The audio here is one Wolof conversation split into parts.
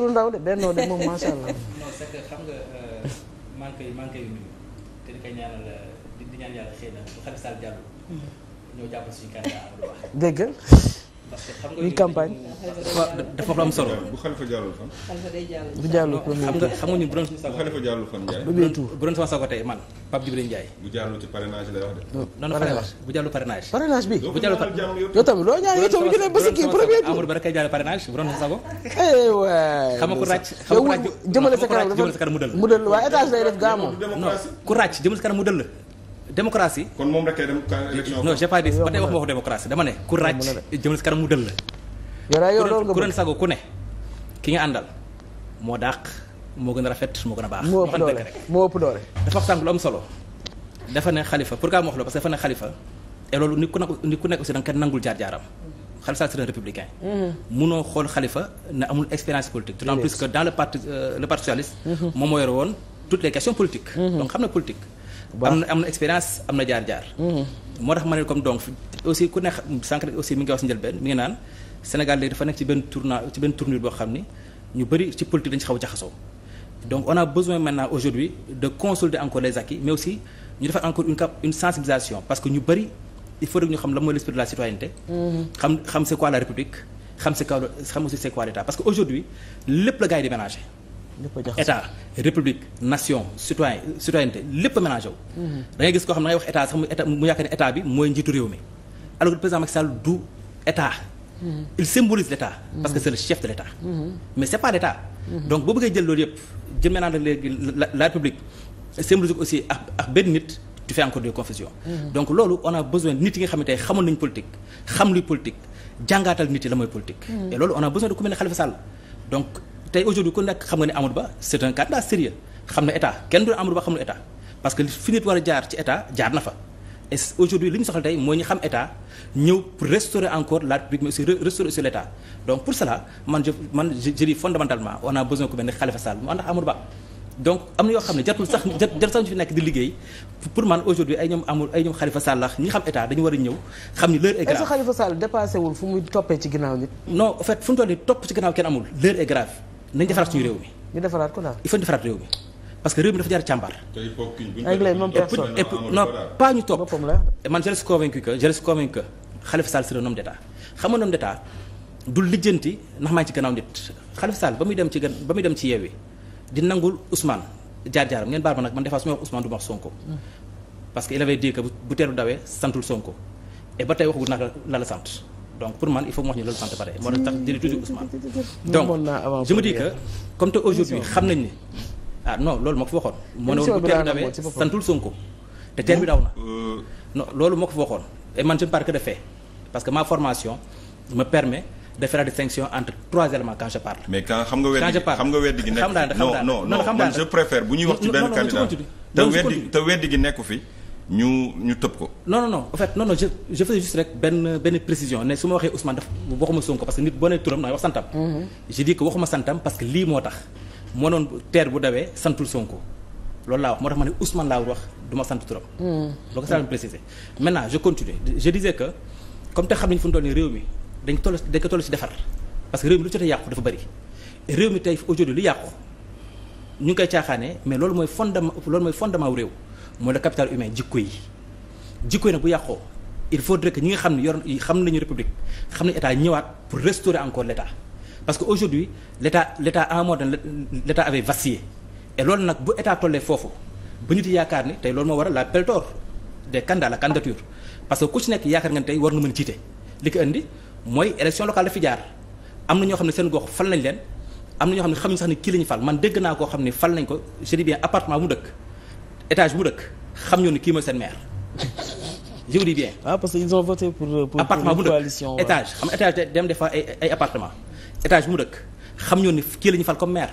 du ndaw de bennoo de moom macha allah. non c'est que xam nga euh, maa ngi koy maa ngi koy nuyu te di ko ñaanal di ñaan yàlla xëy na bu Khalifa Sall jàll. Hmm. ñoo jàppal suñu candidat Amadou Ba. dégg muy campagne. waaw dafa am solo. bu Xalifa jàllul fan. bu jàllul premier tour xam nga ñun bu doon sama bu Xalifa jàllul fan Ndiaye. premier tour bu doon sama sago tey man Pape Djibril Ndiaye. bu jàllul ci bi bu tamit loo ñaan yow tamit ñu ne ba si kii premier tour. Amadou eh, ku ràcc xam sa kanam mu dëll. mu dëll waaye étage lay def gaa ku ràcc jëmale sa kanam mu dëll démocratie. kon moom rek dem élection. non j'ai pas dit ba tey wax ma ko démocratie dama ne. ku ràcc jëmal si kanam mu dëll la. ku leen sago ku ne ki nga àndal moo dàq moo gën a rafet moo gën a baax. moo ëpp doole moo ëpp doole. dafa wax sànq lu am solo dafa ne xalifa pourquoi mu wax loolu parce que dafa ne xalifa et nit ku nekk nit ku nekk aussi da nga koy nangul jaar-jaaram. Khalifa Sall c'est un républicain. Mhm. munoo xool Khalifa ne amul expérience politique. dans le parti euh, le mhm. moom moo yore woon toutes les am na am na expérience am na jaar-jaar. Mhm. moo tax ma ne comme donc aussi ku ne sànq rek aussi mi ngi wax si njëlbeen mi ngi naan Sénégal léegi dafa nekk ci benn tournant ci benn tournure boo xam ni ñu bëri ci politique dañu si xaw a jaxasoo. donc on a besoin maintenant aujourd'hui de consolider encore les acquis mais aussi ñu defar encore une cap sensibilisation parce que ñu bëri il faut rek ñu xam la mooy l'esprit de la citoyenneté. Mhm. xam xam c'est quoi la république xam c'est quoi xam aussi c'est parce que aujourd'hui lépp la gars yi état république nation citoyen citoyenneté lépp a ménagé wu mhm. da ngay gis koo xam ne ngay wax état sax mu état mu yaakaar ne état bi mooy njiitu réew mi alors que président Macky du état mhm. il symbolise l'état parce que mhm. c'est le chef de l'état mais c'est pas l'état donc boo bëggee jël loolu yëpp jël maintenant léegi la république symbolise ko aussi ak ak benn nit tu fais encore des confusions donc loolu on a besoin nit yi nga xam ne tey xamoon nañu politique xam luy politique a tey aujourd'hui ku nekk xam nga ne Amadou Ba c'est un candidat sérieux xam na état kenn du Amadou Ba xam na état parce que fi nit war a jaar ci état jaar na fa et aujourd'hui li ñu soxla tey mooy ñu xam état ñëw pour restaurer encore la République mais aussi restaurer sur l'état donc pour cela man je man fondamentalement on a besoin ku mel ne Khalifa Sall mu ànd ak Amadou Ba donc am na yoo xam ne jatul sax jatul sax ñu fi nekk di liggéey pour man aujourd'hui ay ñoom amul ay ñoom lax ñi xam état dañu war a ñëw xam ni l'heure est grave. ci ginnaaw nit. non en fait fu nañu defaraat suñu réew mi. ñu defaraat ko daal il réew mi que réew mi dafa jaar càmbar. tey kooku ñu non pas ñu topp man je reste convaincu que je reste convaincu que Khalifa Sall c'est un homme d'état xam nga homme du lijjanti ndax maa ci gannaaw nit Khalifa Sall ba muy dem ci gan ba muy dem ci yeewi di nangul Ousmane jaar-jaaram ngeen baal ma nag man des fois su may wax Ousmane du ma wax Sonko. parce que il avait bu teeru dawee santul Sonko et ba tey waxu naka la la sant. donc pour man il faut mu wax ñu loolu sant bare moo tax tax jëli toujours donc je comme te aujourd'hui xam nañ ni ah non loolu moo ko fa waxoon moo ne woon bu teer bi dawee santul Sonko te teer bi daw na non loolu moo ko fa waxoon et man je ne que de fait parce que ma formation me permet de faire la distinction entre trois éléments quand je parle. mais quand xam nga weddi xam nga weddi gi nekk non non non je te weddi gi nekku ñu ñu tëb ko. non non non en fait benn benn précision ne su ma waxee Ousmane daf waxuma Sonko parce que nit boo nee turam da wax santam. Mhm. je dis que waxuma santam parce que lii moo tax. moo noon teer bu dawee santul Sonko loolu laa wax moo tax ma ne Ousmane laa wax du ma sant trop loo ko saa préciser. maintenant je continue comme te xam nañu fu mu toll nii réew mi dañ toll dañ ko toll defar parce que réew mi yàqu dafa bari réew mi tey aujourd'hui lu yàqu ñu ngi koy caaxaanee mais loolu mooy fondement loolu mooy fondement wu réew. mooy le capital humain jikko yi jikko yi nag bu yàqoo il faut que ñi nga xam ne yor xam nañu république xam nañu état ñëwaat pour restaurer encore l' parce que aujourd'hui l' état l' état en mode l' état avait vacillé et loolu nag bu état tollee foofu ba ñu di yaakaar ni tey loolu moo waral la appel d'offres des candidats la candidature parce que ku ci nekk yaakaar nga ne tey war nga mën jiite li ko indi mooy élection locale dafi jaar am na ñoo xam ne seen gox fal nañ leen na ñoo xam ne xamuñ sax ni kii lañu fal man dégg naa koo xam ne fal nañ ko je dis bien dëkk étage bu dëkk xam ñoo ne kii mooy seen maire je vous dis bien. ah parce que ils ont voté pour euh, pour appartement bu dëkk étage xam étage dem defa ay ay appartement étage bu dëkk xam ñoo ni kii la ñu fal comme maire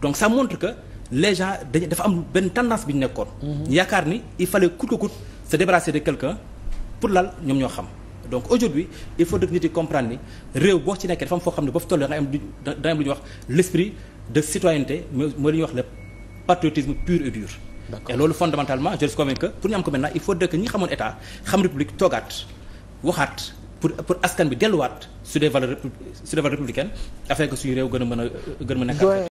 donc ça montre que les dañu dafa am benn tendance bi ñu nekkoon. Mhm. yaakaar ni il fallait coûte que coûte se débarrasser de quelqu'un pour lal ñoom ñoo xam. donc aujourd'hui il faut que nit yi comprendre ni réew boo ci nekkee dafa am foo xam ne ba fi toll da am da am lu ñuy wax l'esprit de citoyenneté mooy le patriotisme et loolu fondamentalement je suis convaincu que pour ñu am ko maintenant il faut que ñi xamoon état xam république toogaat waxaat pour pour askan bi delluwaat su des valeurs sur suñu réew gën a mën a gën a mën a